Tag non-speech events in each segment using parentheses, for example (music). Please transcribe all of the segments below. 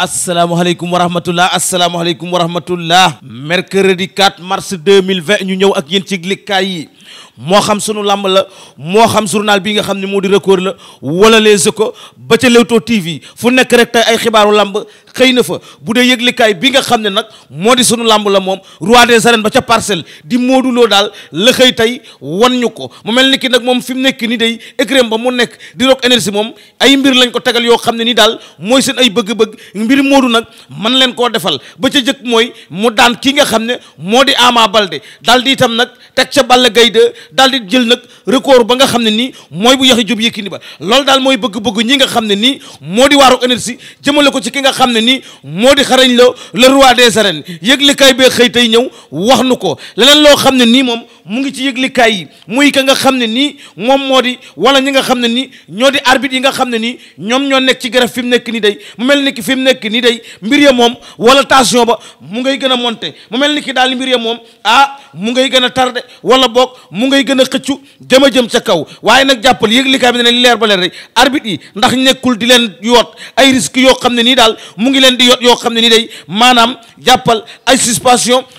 asalaamaaleykum wa rahmatullah asalaamaaleykum wa rahmatullah mercredi 4 mars 2020 ñu ñëw ak yéen ci likkaay yi moo xam sunu làmb la moo xam journal bi nga xam ne moo di record la wala les échos ba ca Leewtoo TV fu nekk rek tey ay xibaaru làmb xëy na fa bu dee yëglikaay bi nga xam ne nag moo di sunu làmb la moom roi des arènes ba ca parcelle di mooduloo daal la xëy tey wan ñu ko mu mel ni ki nag moom fi mu nekk nii day écrém ba mu nekk di rock énergie moom ay mbir lañ ko tegal yoo xam ne ni daal mooy seen ay bëgg-bëgg mbir Modou nag man leen koo defal ba ca jëkk mooy mu daan ki nga xam ne moo di Ama Baldé daal di itam nag teg ca Balla Gaye 2 daal di jël nag record ba nga xam ne nii mooy bu yaxi jub Yékini ba loolu daal mooy bëgg-bëgg ñi nga xam ne nii moo di waa rock énergie jëmale ki ne ni moo di xarañ la le roi des arènes yëgle kay bee xëy tey ñëw wax nu ko leneen loo xam ne nii moom mu ngi ci yëglikaay yi muy ka nga xam ne nii moom moo di wala ñi nga xam ne nii ñoo di arbitre yi nga xam ne nii ñoom ñoo nekk ci garab fi mu nekk nii day mu mel ni ki fi mu nekk nii day mbir ya moom wala tension ba mu ngay gën a monte mu mel ni ki daal mbir ya moom ah mu ngay gën a tardé wala boog mu ngay gën a xëccu jëm a jëm ca kaw waaye nag jàppal yëglikaay bi ne leer ba leer rek arbitre yi ndax nekkul di leen yoot ay risques yoo xam ne nii daal mu ngi leen di yoot yoo xam ne nii day maanaam jàppal ay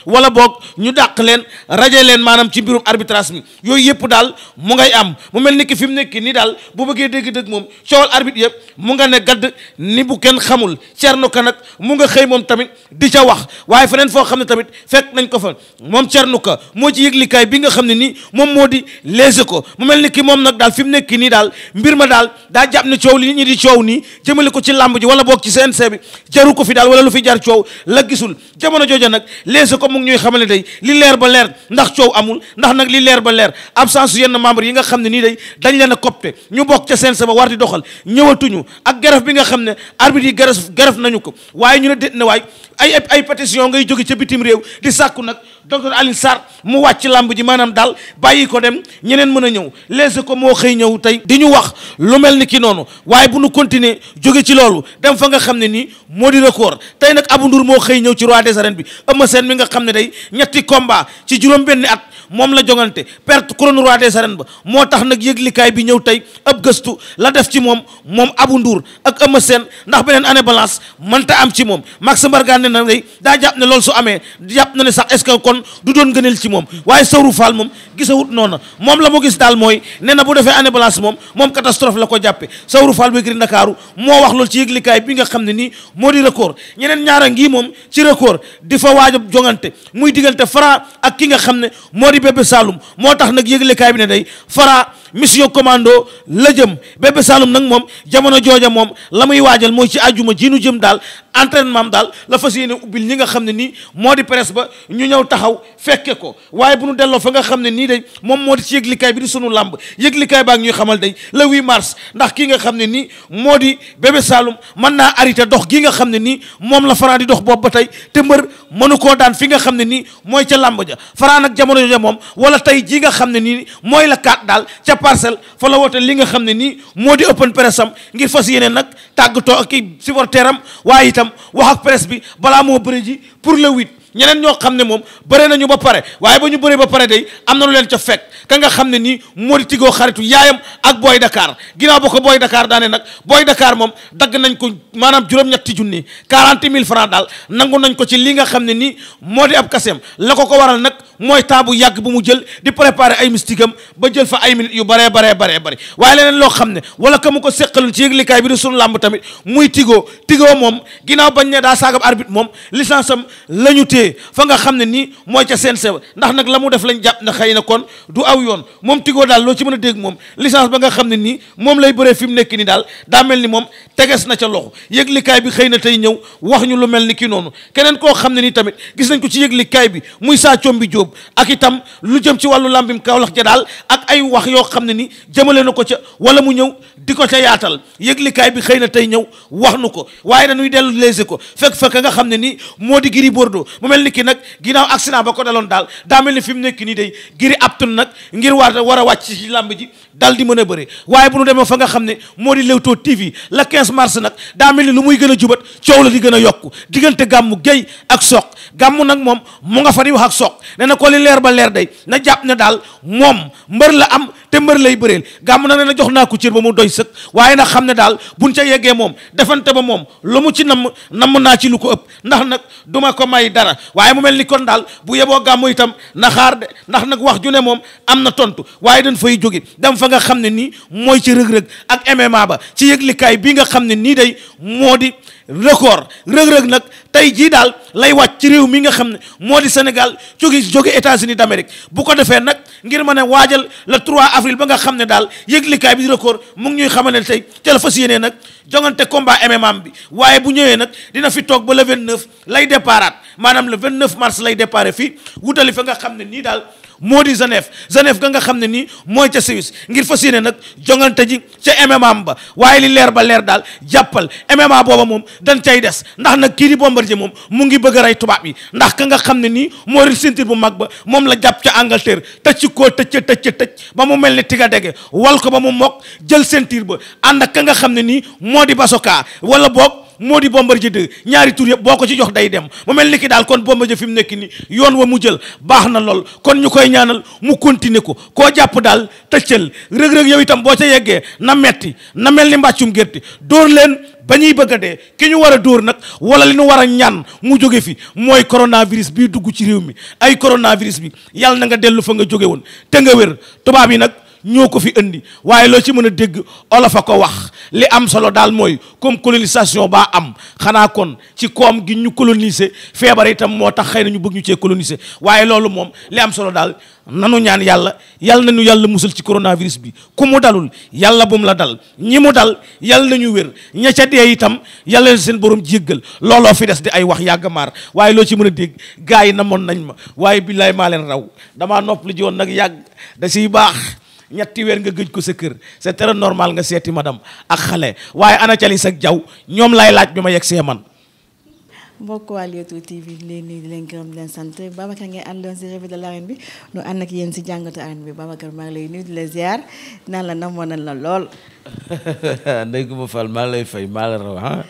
wala boog ñu dàq leen raje leen maanaam ci mbirum arbitrage mi yooyu yëpp daal mu ngay am mu mel ni ki fi mu nekk nii daal bu bëggee dégg-dëgg moom coowal arbitre yëpp mu nga ne gàdd ni bu kenn xamul Thierno Ka nag mu nga xëy moom tamit di ca wax waaye feneen foo xam ne tamit fekk nañ ko fa moom nu Ka moo ci yëglikaay bi nga xam ne nii moom moo di léese ko mu mel ni ki moom nag daal fi mu nekk nii daal mbir ma daal daa jàpp ne coow li ñi di coow nii jëmale ko ci làmb ji wala boog ci seen bi jaru ko fi daal wala lu fi jar coow la gisul jamono jooja nag léese ko mu ngi ñuy ne day li leer ba leer ndax coow amul ndax nag li leer ba leer absence yenn membre yi nga xam ne nii day dañ leen a copte ñu bokk ca seen sama war di doxal ñëwatuñu ak garaf bi nga xam ne arbitre yi garaf garaf nañu ko waaye ñu ne déet ne waay ay ay pétition ngay jóge ca bitim réew di sàkku nag docteur Alioune Sarr mu wàcc làmb ji maanaam daal bàyyi ko dem ñeneen mën a ñëw léegi ko moo xëy ñëw tey di ñu wax lu mel ni ki noonu waaye bu nu continuer jóge ci loolu dem fa nga xam ne nii moo di record tey nag Abou Ndour moo xëy ñëw ci roi des arènes bi Eumeu Sène mi nga xam ne day ñetti combat ci juróom-benni at moom la jongante perte couronne roi des arènes ba moo tax nag yëglikaay bi ñëw tey ab gëstu la def ci moom moom Abou Ndour ak Eumeu seen ndax beneen année balance mënta am ci moom Max Mbargane ne na day daa jàpp loolu su amee jàpp na ne sax est kon du doon gëneel ci moom waaye sawru faal moom gisawut noona moom la mu gis daal mooy nee na bu defee année blanche moom moom catastrophe la ko jàppe sawru faal bu giri ndakaaru moo wax loolu ci yëglikaay bi nga xam ne nii moo di record ñeneen ñaara ngi moom ci record di fa waaj jongante muy diggante Fara ak ki nga xam ne moo di Bébé saalum moo tax nag yëglikaay bi ne day Fara mission commando la jëm bébé saalum nag moom jamono jooja moom la muy waajal mooy ci àjjuma ji nu jëm daal entraînement daal la fa yéene ubbil ñi nga xam ne nii moo di presse ba ñu ñëw taxaw fekke ko waaye bu nu delloo fa nga xam ne nii day moom moo di ci yëglikaay bi di sunu làmb yëglikaay baa ngi ñuy xamal day le 8 mars ndax kii nga xam ne nii moo di bébé Saloum mën naa arrêté dox gi nga xam ne nii moom la Franc di dox boobu ba tey te mbër mënu koo daan fi nga xam ne nii mooy ca làmb ja Franc nag jamono jooja moom wala tey ji nga xam ne nii mooy la kaat daal ca parcelle fa la woote li nga xam ne nii moo di open presse am ngir fas yéene nag tàggatoo ak i supporteram waaye itam wax ak presse bi bala moo bëri ji pour le huit ñeneen ñoo xam ne moom bëre nañu ba pare waaye ba ñu bëree ba pare day am na lu leen ca fekk ka nga xam ne nii moo di tigoo xaritu yaayam ak booy dakaar ginnaaw ba ko booy Dakar daane nag booy dakaar moom dagg nañ ko maanaam juróom-ñetti junni quarante mille francs daal nangu nañ ko ci li nga xam ne nii moo di ab kaseem la ko ko waral nag mooy taabu yàgg bu mu jël di préparer ay mystique ba jël fa ay minutes yu baree baree baree bëri waaye leneen loo xam ne wala ka mu ko seqaloon ci yëglikaay bi di sunu làmb tamit muy tigoo tigoo moom ginnaaw bañ ne daa saagab arbitre moom licence am la ñu mujjee fa nga xam ne nii mooy ca seen sew ndax nag la mu def lañ jàpp na xëy na kon du aw yoon moom Tigo daal loo ci mën a dégg moom licence ba nga xam ne nii moom lay bëree fi mu nekk nii daal daa mel ni moom teges na ca loxo yëglikaay bi xëy na tey ñëw wax ñu lu mel ni ki noonu keneen koo xam ne nii tamit gis nañ ko ci yëglikaay bi muy saa combi jóob ak itam lu jëm ci wàllu kaw Kaolack ja daal ak ay wax yoo xam ne ni jëmale na ko ca wala mu ñëw di ko ca yaatal yëglikaay bi xëy na tey ñëw wax nu ko waaye dañuy dellu léegi ko fekk fekk nga xam ne ni moo di Gris Bordeaux mu mel ni ki nag ginnaaw accident ba ko daloon daal daa ni fi mu nekk nii dey day Gris aptun nag ngir war war a wàcc ci làmb ji dal di mën a bëre waaye bu nu demee fa nga xam ne moo di Leewtoo TV le 15 mars nag daa ni lu muy gën a jubat coow la di gën a yokk diggante gàmmu géy ak soq gàmmu nag moom mu nga fa di wax ak soq ne na ko leer ba leer day na jàpp ne daal moom mbër la am te mbër lay bëreel gàmmu nag ne jox naa ko cër ba mu doy sëg waaye nag xam ne daal buñ ca yeggee moom defante ba moom lu mu ci namm namm naa ci lu ko ëpp ndax nag duma ko may dara waaye mu mel ni kon daal bu yeboo gàmmu itam na xaar de ndax nag wax ju ne moom am na tontu waaye dañ fay jóge dem fa nga xam ne nii mooy ci rëg-rëg ak MMA ba ci yëglikaay bii nga xam ne nii day moo di record rëg-rëg nag tey jii daal lay wàcc ci réew mi nga xam ne moo di Sénégal jóge jóge États-Unis d'Amérique bu ko defee nag ngir mën a waajal le 3 avril ba nga xam ne daal yëglikaay bi di record mu ngi ñuy xamal ne tey ca la fas yéenee nag jongante combat MMA bi waaye bu ñëwee nag dina fi toog ba le 29 lay déparaat maanaam le 29 mars lay départ fi wutali fa nga xam ne nii daal moo di Genève Genève ga nga xam ne nii mooy ca Suisse ngir fa yéene nag jongante ji ca MMA ba waaye li leer ba leer daal jàppal MMA booba moom dañ cay des ndax nag kii di Bombardier moom mu ngi bëgg a rey tubaab yi ndax ka nga xam ne nii moo ri ceinture bu mag ba moom la jàpp ca Angleterre tëj ci koo tëj ca tëj ca tëj ba mu mel ni tiga dege wal ko ba mu mokk jël ceinture ba ànd ak ka nga xam ne nii moo di basoka wala boog moo di Bombardier 2 ñaari tur yëpp boo ko ci jox day dem mu mel ni ki daal kon Bombardier fi mu nekk ni yoon wa mu jël baax na lool kon ñu koy ñaanal mu continuer ko koo jàpp daal tëccal rëg-rëg yow itam boo ca yeggee na metti na mel ni mbàccum gerte dóor leen ba ñuy bëgg a dee ki ñu war a dóor nag wala li ñu war a ñaan mu jóge fi mooy coronavirus bii dugg ci réew mi ay coronavirus bi yal na nga dellu fa nga jóge woon te nga tubaab yi nag ñoo ko fi indi waaye loo ci mën a dégg olof a ko wax li am solo daal mooy comme colonisation baa am xanaa kon ci koom gi ñu coloniser feebar tam moo tax xëy na ñu bëgg ñu cee coloniser waaye loolu moom li am solo daal nanu ñaan yàlla yàlla ñu yàlla musal ci coronavirus bi ku mu dalul yàlla bu mu la dal ñi mu dal yàlla ñu wér ña ca dee itam yàlla na seen borom jéggal looloo fi des di ay wax yàgg maar waaye loo ci mën a dégg gars yi na namoon nañ ma waaye billaay maa leen raw damaa nopp lu ji nag yàgg ñetti weer nga gëj ko sa kër c'est très normal nga seeti ma madame ak xale waaye ana calis ak jaw ñoom lay laaj bi ma yegg see man. mbokk waa Leewtoo TV di leen di leen gërëm di leen sant Babacar ngay àndoon si revue de l'arène ak yéen si jàngatu arène bi maa ngi lay nuyu di la ziar naan la namoon nañ la lool. (laughs) ndey ko ma fal maa lay fay maa la raw ah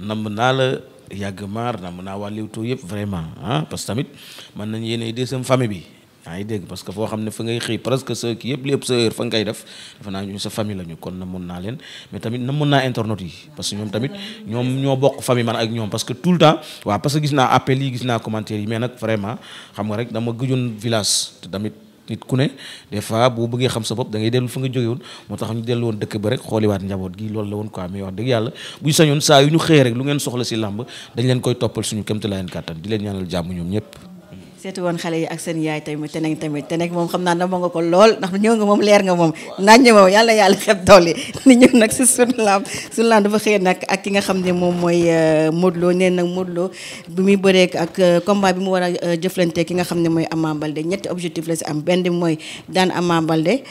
naa la yàgg maar nam naa waa Leewtoo yëpp vraiment ah parce que tamit mën nañu yéenay deuxième famille bi. yaa ngi dégg parce que foo xam ne fa ngay xëy presque sa kii yëpp lépp sa heure fa nga koy def dafa naa ñu sa famille la kon na mun naa leen mais tamit na mun naa internautes yi parce que ñoom tamit ñoom ñoo bokk famille man ak ñoom parce que ku ne des fois boo bëggee xam sa bopp da moo tax ñu dellu woon dëkk ba rek xooliwaat njaboot gi loolu la woon quoi mais wax dëgg yàlla buñ sañoon saa yu ñu xëyee leen koy toppal suñu kémta seetu woon xale yi ak seen yaay tamit te nekk tamit te moom xam naa dama nga ko lool ndax ñëw nga moom leer nga moom naaj moom yàlla yàlla xeb doole ni ñëw nag si sunu laam sunu laam dafa xëyee nag ak ki nga xam ne moom mooy euh, Modou Lo nee nag Modou Lo bi muy bëreek ak euh, combat bi mu war a euh, jëflante ki nga xam ne mooy Ama Baldé objectif la si am benn mooy daan Ama Baldé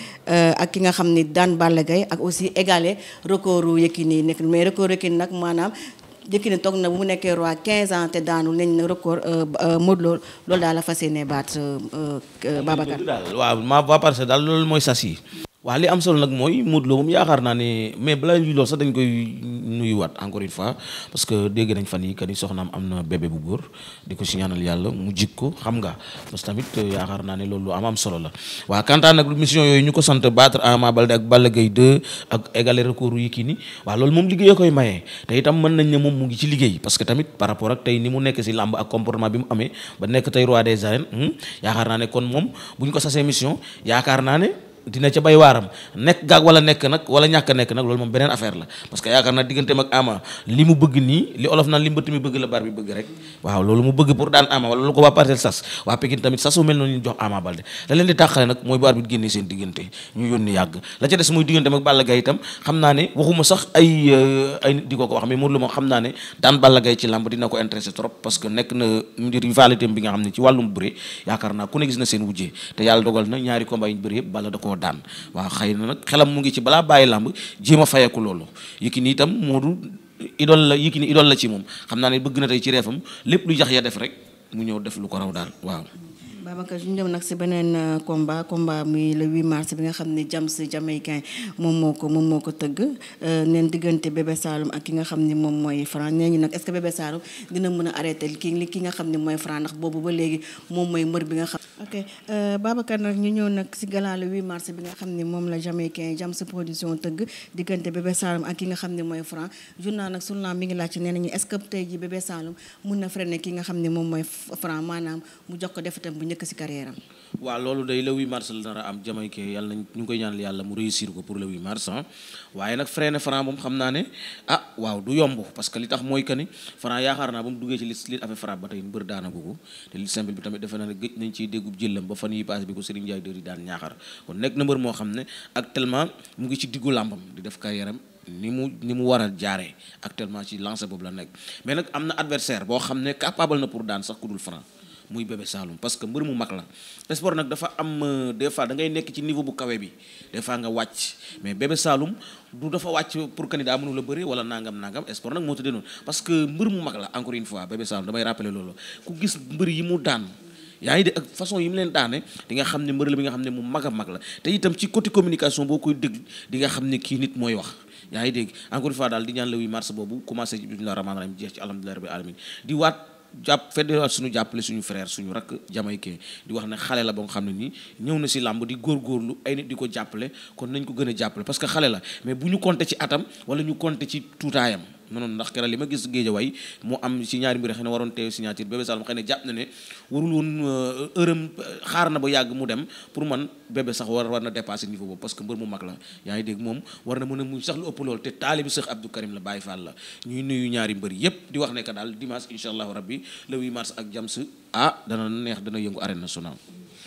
ak ki nga xam ne daan Balla Gaye ak aussi égaler recordu Yékini nekk mais record Yékini nag maanaam Yékini toog na bu mu nekkee roi quinze ans te daanul nañ na record euh, euh, Modou Lo loolu daal la fas yéene baat euh, Babacar. waa maa ba parce que daal loolu mooy sas yi. waaw li am solo nag mooy Modou Lo yaakaar naa ne mais balaa ñuy lool sax dañ koy nuyuwaat encore une fois parce que dégg nañ fan yi que ni soxnaam am na bébé bu góor di ko si ñaanal yàlla mu jig ko xam nga parce que tamit euh, yaakaar naa ne loolu am solo la waaw kantaan nag mission yooyu ñu ko sant battre Ama kii ni waaw loolu moom liggéey koy maye itam mën nañ ne moom mu ngi ci liggéey parce que tamit par rapport ak ni mu nekk si làmb ak comportement bi mu nekk tey roi des arènes hmm, ne kon moom bu ñu ko sasee mission yaakaar naa ne dina ca bay waaram nekk gaag wala nekk nag wala ñàkk a nekk nag loolu moom beneen affaire la parce que yaakaar naa digganteem ak Ama li mu bëgg nii li olof naan li mbëtt mi bëgg la Balla Gaye itam xam daan waaw xay na nag xelam mu ngi ci balaa bàyyi làmb jéem a fayeku loolu Yékini itam Modou idole la Yékini idole la ci moom xam naa ne bëgg na tey ci reefam lépp lu jax ya def rek mu ñëw def lu ko raw daal waaw Babacar ñu dem nag si beneen euh, combat combat muy ko moom moo ko tëgg euh, neen ak ki nga xam ne moom mooy Franc nee ñi nag est-ce que a arrêté kii li mooy Franc ndax ba léegi moom mooy mbër bi nga xam ok euh, Babacar nag ñu ñëw nag si gala le 8 mars bi nga xam ne moom la Jamaïcain James production tëgg diggante Bébé Saloum ak ki nga xam ne mooy Franc journal nag sunu mi ngi laaj nee nañu est-ce que tey ji Bébé Saloum mun na freiné ki nga xam ne moom mooy Franc maanaam mu jox ko def tam bu njëkk nekk si loolu day le 8 mars la dara am Jamaïque yàlla ñu ngi koy ñaanal yàlla mu réussir ko pour le 8 mars ah waaye nag freiné Franc xam naa ne ah waaw du yomb parce que tax mooy que ni Franc yaakaar naa ba mu duggee ci li li affaire Franc defe naa ne gëj nañ ciy déggub jëllam ba ko Serigne Ndiaye dër yi moo xam ne actuellement mu ngi ci diggu làmbam di def carrière ni mu ni mu war a jaaree actuellement ci lancé boobu la nekk mais nag am na adversaire boo xam ne capable na pour daan sax ku dul muy bébé Saloum parce que mbër mu mag la sport nag dafa am euh, des fois nekk ci niveau bu kawe bi des fois nga wàcc mais bébé Saloum du dafa wàcc pour candidat mënu la bëre wala nangam nangam sport nag moo tëddee noonu parce que mbër mu mag la encore une fois bébé Saloum damay rappeler loolu ku gis mbër yi mu daan. yaa de ak façon yi mu leen daane di nga xam ne mbër la bi nga xam ne mu mag a mag la te itam ci côté communication boo koy dégg di nga xam ne kii wax yaa ngi dégg encore une fois daal boobu commencé ci bismillah jàpp feddewaat suñu jàppale suñu frère suñu rakk jamaïcain di wax ne xale la ba nga xam ne nii ñëw na si làmb di góorgóorlu ay nit di ko jàppale kon nañ ko gën a jàppale parce que xale la mais bu ñu compter ci atam wala ñu compter ci tuutaayam mënoon ndax keral li ma gis Géejawaay moo am ci ñaari mbir xëy na waroon teew signature Bébé Saloum xëy na jàpp na ne warul woon euh, ërëm euh, xaar na ba yàgg mu dem pour man Bébé sax war war na dépasser niveau boobu parce que mbër mu mag la yaa ngi dégg moom war na mën a mu sax lu ëpp lool te taalibi Seex Abdou Karim la Baye Fall la ñuy nuyu ñaari mbër yépp di wax ne que daal dimanche incha allahu rabbi le 8 mars ak jams ah dana neex dana yëngu arène national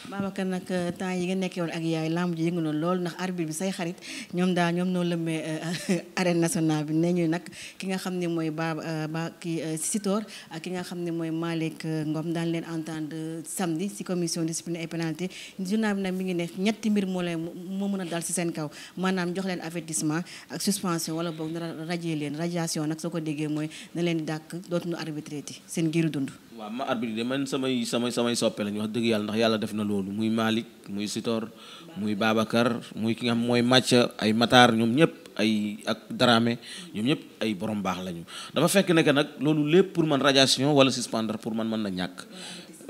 Babacar nag euh, temps yi nga nekkee woon ak yaay lamb ji yëngu noonu lool ndax arbitre bi say xarit ñoom daal ñoom noo lëmbee euh, (laughs) arène nationale bi nee ñu nag ki nga xam ne mooy Baba euh, ba ki Sitor ak ki nga xam ne mooy Malick Ngom daan leen entendre samedi si commission discipline et pénalité bi nag mi ngi ne ñetti mbir moo leen moo mën a seen kaw maanaam jox leen avertissement ak suspension wala boog na rajee leen radiation nag soo ko déggee mooy na leen di dàkk dootuñu arbitré ti seen giiru dund waaw ma arbitre de man samay samay soppe lañu wax dëgg yàlla ndax yàlla def na loolu muy Malick muy Sitor muy Babacar muy ki nga xam mooy Mathia ay Matar ñoom ñëpp ay ak ñoom ñëpp ay borom baax lañu dafa fekk ne que nag loolu lépp pour man radiation wala suspendre pour man mën na ñàkk.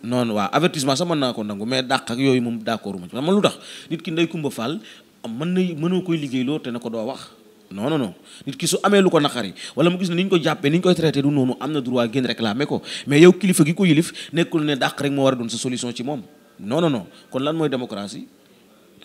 noonu waaw avertissement sax na naa ko nangu mais dàq ak yooyu moom d'accord ma ci man lu nit ki liggéeyloo te ne ko doo wax. non non non nit ki su amee lu ko naqari wala mu gis ne ni ko jàppee ni ñu koy traité du noonu am na droit génn réclamer ko mais yow kilifa gi ko yilif nekkul ne dàq rek war doon sa solution ci moom. non non kon lan mooy démocratie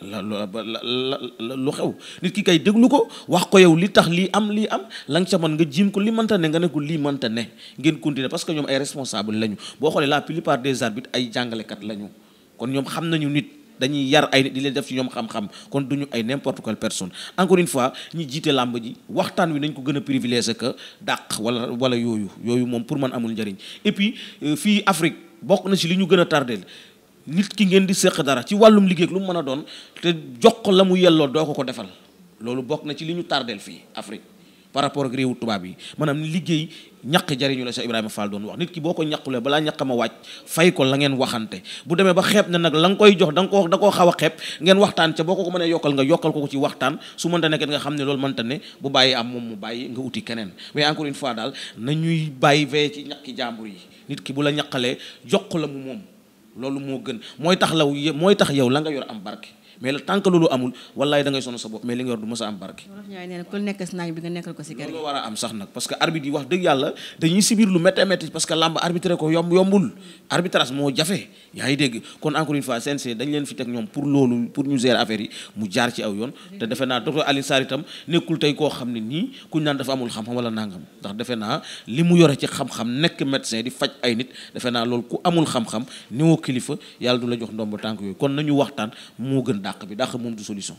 la lu xew nit ki kay déglu ko wax ko yow li tax lii am lii am la nga nga jiim ko li mënta ne nga ne ko lii mënta ne ngeen continuer parce que ñoom ay responsable lañu boo xoolee la plupart des arbitres ay jàngalekat lañu kon ñoom xam nañu nit dañuy yar ay nit di leen def ci ñoom xam-xam kon duñu ay n'importe quelle personne encore une fois ñi jiite làmb ji waxtaan wi nañ ko gën a privilégié que dàq wala wala yooyu yooyu moom pour man amul njëriñ euh, fii Afrique bokk na ci li ñu gën a tardeel nit ki ngeen di seq dara ci wàllum liggéey lu mu mën a doon te jox la mu yelloo doo ko ko defal loolu bokk na ci li ñu tardeel fii Afrique par rapport ak réewu tubaab yi maanaam liggéey ñaq jariñu la Cheikh Ibrahima Fall doon wax nit ki boo ko ñaqulee balaa ñaq ma wàcc fay ko la ngeen waxante bu demee ba xeeb na nag la nga koy jox da ko da koo xaw a xeeb ngeen waxtaan ca boo ko ko mënee yokkal nga yokkal ko ci waxtaan su mënta nekk nga xam ne loolu mënta ne bu bàyyi am moom bàyyi nga uti keneen mais encore une fois daal na ñuy bàyyi veye ci ñaqi jàmbur yi nit ki bu la ñaqalee jox mu moom loolu moo gën mooy tax law mooy tax yow la nga yor am barke mais la tant que loolu amul wallaay da ngay sonn sa bopp mais li nga yor du mës a am barke loolu war a am sax nag parce que arbitre yi wax dëgg yàlla dañuy sibir lu métti métti parce làmb arbitré ko yombul arbitrage moo jafe yaa dégg kon encore une fois CNG dañ leen fi teg ñoom pour loolu pour ñu gérer affaire yi mu jaar ci aw yoon te defe naa docteur Alioune Sarr itam nekkul tey koo xam ne nii kuñ naan dafa amul xam-xam wala nangam ndax defe naa li mu yore naa loolu ku amul xam-xam ni woo kilifa yàlla du la jox ndomb tànk yooyu kon nañu waxtaan dàq bi dàq moom du solution.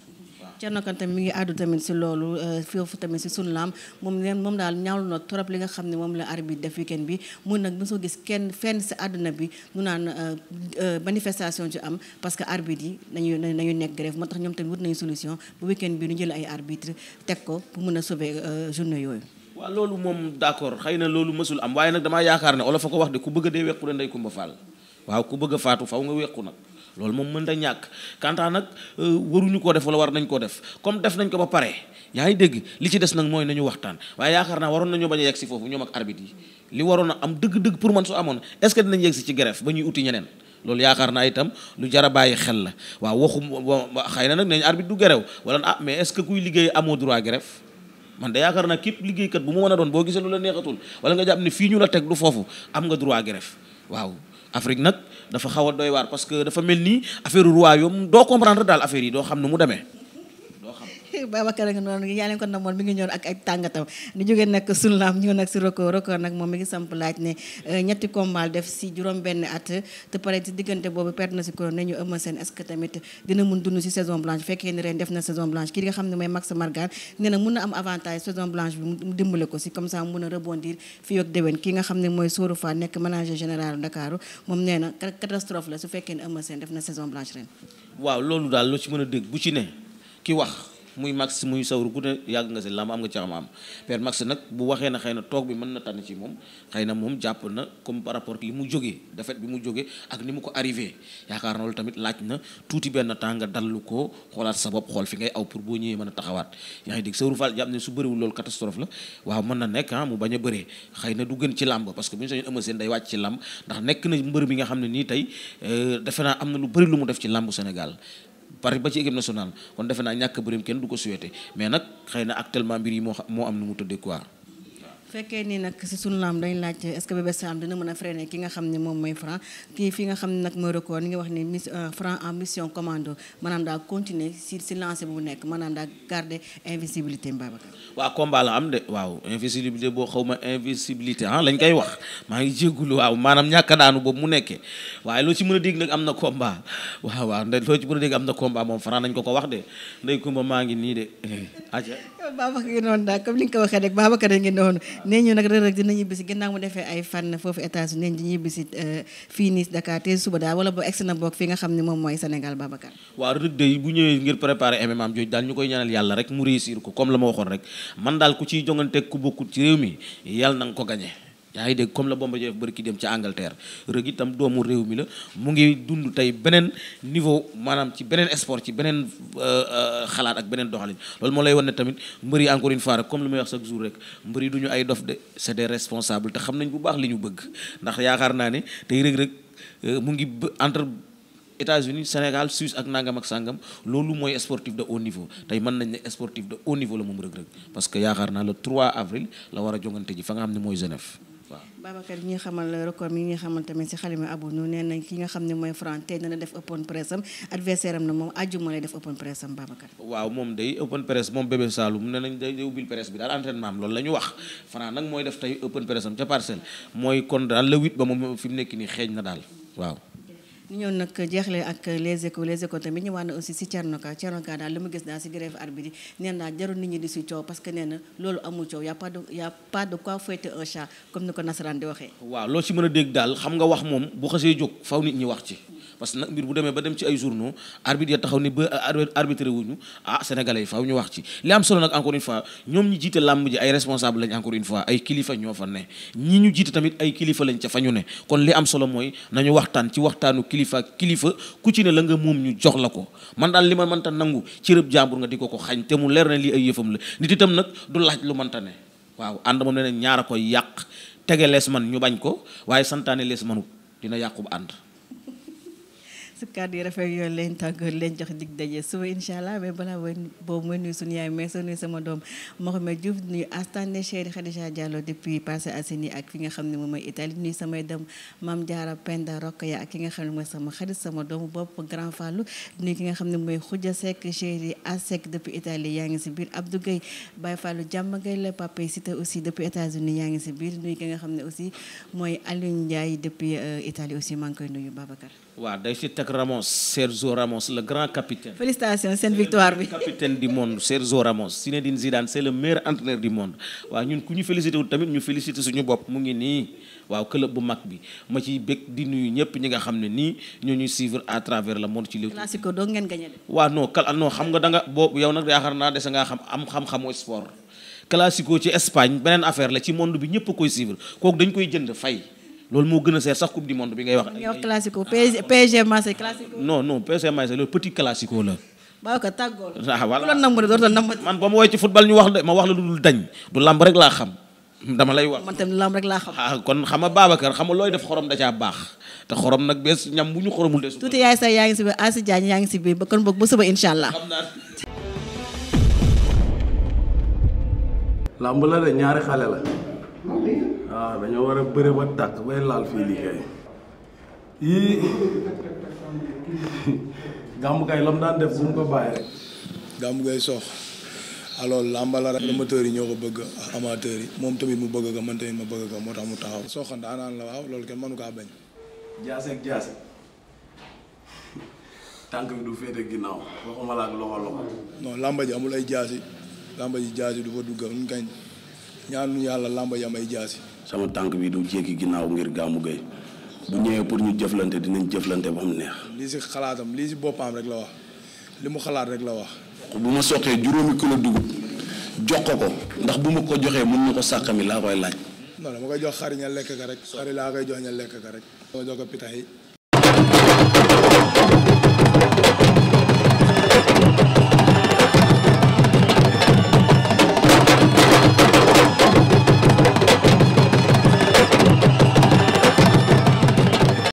Thierno Kane tamit mi ngi àddu tamit si loolu euh, foofu tamit si sunu laam moom moom daal ñaawlu na trop li nga xam ne moom la arbitre def weekend bi mun nag mosoo gis kenn fenn si àdduna bi mu naan euh, euh, manifestation ci am parce que arbitre yi nañu nekk grève moo tax ñoom tamit wut nañu solution bu weekend bi ñu jël ay arbitre teg ko pour mun a sauver journée yooyu waaw loolu moom d'accord xëy na loolu mësul am waaye nag damaa yaakaar ne a ko wax a a faatu loolu moom mën ta ñàkk kantaan nag euh, waruñu koo def wala war nañ koo def comme def nañ ko ba pare yaa ngi dégg li ci des nag mooy nañu waxtaan waaye yaakaar naa waroon nañoo bañ a yegg si foofu ñoom ak arbitre yi li waroon a am dëgg-dëgg pour man su amoon est-ce que dinañ yegg si ci greffe ba ñuy uti ñeneen loolu yaakaar naa itam lu jar bàyyi xel la waaw waxu xëy na nag nañ arbitre du gerew wala ah mais est-ce que kuy liggéey amoo droit greffe man de yaakaar naa képp liggéeykat bu mu mën a doon boo gisee lu la neexatul wala nga jàpp ne fii ñu la teg foofu am nga droit greffe waaw Afrique nag dafa xaw a doy waar parce que dafa mel ni affaire royaume doo comprendre daal affaire yi doo xam nu mu demee. Babacar nga noonu yaa leen ko namoon mi ngi ñëw nag si record nag moom mi ngi samp laaj ne euh, ñetti combat def si juróom benn at te pare si diggante boobu perte na si couronne ne ñu Eumeu Sène est-ce que tamit dina mun dund si saison blanche fekkee ni ren def na saison blanche kii nga xam ne mooy Max Margan a rebondir fii mooy Sourou Fall nekk manager général Dakar moom nee na la su fekkee ne Eumeu def na saison blanche ren waaw loolu daal loo ci mën a dégg bu ci ne ki muy max muy sawru ku ne yàgg nga si làmb am nga ci am xam père max nag bu waxee na xëy na toog bi mën na ci moom xëy na moom jàpp na comme par rapport li mu jógee défaite bi mu jógee ak ni mu ko arrivé yaakaar na loolu laaj na tuuti benn temps nga dallu ko xoolaat sa bopp xool fi ngay aw pour boo ñëwee mën a taxawaat yaa ngi dégg sawru fall jàpp ne su bëriwul loolu catastrophe la waaw na nekk ah mu a bëree xëy na du gën ci làmb parce que bu ñu sañoon ëma seen day wàcc ci làmb ndax nekk na mbër bi nga xam ne nii tey euh, defe naa am na lu bëri lu mu def ci làmb Sénégal par ba ci équipe nationale kon defe naa ñàkk bërim kenn du ko souhaité mais nag xëy na actuellement mbir yi moo moo am nu mu tëddee quoi fekkee nii nag si sunu laam dañ laaj est-ce que Bébé Saloum dina mën a freiner ki nga xam ne moom mooy Franc kii fi nga xam ne nag mooy record ni nga wax ni miss euh, Franc en mission commando maanaam daa continuer si si lancé bu nekk maanaam daa garder invisibilité Babacar waaw combat la am de waaw invisibilité boo xaw ma invisibilité ah lañ koy wax maa ngi jéggulu waaw maanaam ñàkk daanu boobu mu nekkee waaye loo ci mën a dégg nag am na combat waaw waaw ndax loo ci mën a dégg am na combat moom Franc nañ ko ko wax de ndey kumba maa ngi nii de eh, aja Babacar ngi noonu daal comme li nga ko waxee rek Babacar ngi noonu nee ñu nag Reug Reug dina ñibbi si ginnaaw mu defee ay fan foofu États-Unis di ñibbi si euh, fii nii te suba daal wala boo egsi na boog fii nga xam ni moom mooy Sénégal Babacar waaw Reug Reug bu ñëwee ngir préparer MMA am jooju daal ñu koy ñaanal yàlla rek mu réussir ko comme la ma waxoon rek man daal ku ciy jongante ku bokkut ci réew mi yàlla na nga ko gañe yaa ngi dégg comme la Bombardier bëri ki dem ci Angleterre Reug itam doomu réew mi la mu ngi dund tey beneen niveau maanaam ci beneen sport ci beneen euh, euh, xalaat ak beneen doxalin loolu moo lay wan ne tamit mbër yi encore une comme li may wax chaque rek mbër du ñu ay dof de c'est des responsables xam nañ bu baax li ñu bëgg ndax yaakaar naa ne tey Reug Reug mu ngi entre États-Unis Sénégal Suisse ak nangam ak sangam loolu mooy sportif de haut niveau tey mën nañ ne sportif de haut niveau la moom Reug Reug parce que yaakaar naa le 3 avril la war a jongante ji fa nga xam ne mooy Genève waaw Babacar ñi nga xamal record mi ñi nga xamal tamit si xalima abu nu nee nañ ki nga xam ne mooy Franc tey dana def open press am adversaire am na moom àjjuma lay def open press am waaw moom day open press moom bébé Saloum nee nañ day ubbil press bi daal entraînement am loolu la wax Franc nag mooy def tey open press am ca parcelle mooy kon daal le huit ba moom fi mu nekk nii xeeñ na daal waaw ñu ñëw nag jeexle ak les échos les échos tamit ñëwaat na aussi si Thierno Ka Thierno Ka daal li mu gis daal si grève arbitre yi nee naa jarul nit ñi di si coow parce que loolu amul coow y' a pas de y' quoi fouetter un chat comme ni ko nasaraan di waxee. waaw loo si mën a dégg daal xam nga wax moom bu xasee jóg faw nit ñi wax ci. parce que nag mbir bu demee ba dem ci ay journaux arbitre taxaw ni ba euh, arbitre wuñu ah sénégalais yi faw ñu wax ci li am solo nag encore une fois ñoom ñi jiite ay responsable lañ encore ay kilifa ñoo fa ne ñi ñu jiite tamit ay kilifa lañ ca fa ñu ne kon li am solo mooy na ñu waxtaan ci waxtaanu kilifa kilifa ku ci ne la nga moom ñu jox la ko man daal li ma mënta nangu ci rëb jàmbur nga di ko ko xañ te mu leer ne lii ay yëfam la nit itam nag du laaj lu mënta ne waaw ànd moom ne ñaar a koy yàq tege lees man ñu bañ ko waaye santaane lees manut dina yàqub ànd su kàddu yi rafet yooyu leen tàggat leen jox dig daje suba incha allah mais balaa boobu mooy nuyu suñu yaay mais soo nuyu sama doom Mohamed Diouf nuyu Astane Chéri ak fi nga xam ne moom mooy Italie nuyu samay dem Mame Diarra Penda Rokhaya ak ki nga xam ne mooy sama xarit sama doom bopp Grand Fallou nuyu ki nga xam ne mooy Khoudia Seck Chéri Asek depuis Italie yaa ngi si biir Abdou Gueye Baye Fallou jàmm ngay la Papa aussi depuis États-Unis yaa ngi si biir nuyu ki nga xam ne aussi mooy Aliou Ndiaye depuis euh, Italie aussi maa ngi koy nuyu Babacar waaw day si teg Ramos Sergio Ramos le grand capitaine. félicitations seen victoire bi capitaine du monde Sergio Ramos Zinedine Zidane c' est le meilleur entraîneur du monde waaw ñun ku ñu félicité tamit ñu félicité suñu bopp mu ngi nii waaw club bu mag bi ma ciy bég di nuyu ñëpp ñi nga xam ne nii ñoo ñuy suivre à travers le monde ci Leewtoo. classico doo ngeen gagné de. waaw xam nga da nga boobu yow nag yaakaar naa dese ngaa xam am xam-xamu sport classico ci Espagne beneen affaire la ci monde bi ñëpp a koy suivre dañ koy jënd fay. loolu moo gën a seer sax coupe du monde bi ngay wax. ay ay classico PSG ah, Marseille classico. non non PSG Marseille loolu petit classico la. baaw ko tàggoo la. ah voilà man ba ma woy ci football ñu wax de ma wax la dañ. du rek laa xam. dama lay wax man tamit làmb laa xam. ah kon xam nga Babacar xam nga looy def xorom da caa baax te xorom nag bees ñam bu ñu xoromul de. tuuti yaay sax yaa ngi si biir Asi yaa ngi si biir ba kon boog ba suba incha allah. làmb la de ñaari xale la. waaw ah, dañoo war a bëre ba tàkk bay laal fii liggéey yii (laughs) Gamou Gueye la mu daan def bu mu ko bàyyi rek. Gamou Gueye sox alors lambala rek amateurs yi ñoo ko bëgg amateurs yi moom tamit mu bëgg ko man tamit ma bëgg ko moo tax mu taxaw. sox daanaan la waaw loolu kenn mënu kaa bañ. jaase ak jaase tànk bi du féete ginnaaw waxuma la ak loxo loxo. non lamba ji amul ay jaasi lamba ji jaasi du fa dugg ñu kañ. ñaanu yàlla làmba yamay jaasi sama tànk bi du jéggi ginnaaw ngir gàmmu gay bu ñëwee pour ñu jëflante dinañ jëflante ba am neex. lii si xalaatam lii si boppam rek la wax li mu xalaat rek la wax. bu ma soqee juróomi kilo dugub jox ko ko ndax bu ma ko joxee mën na ko sàqami laa koy laaj. non dama koy jox xari lekk ka rek. xari laa koy jox ña lekk ka rek. ma jox ko pitax yi.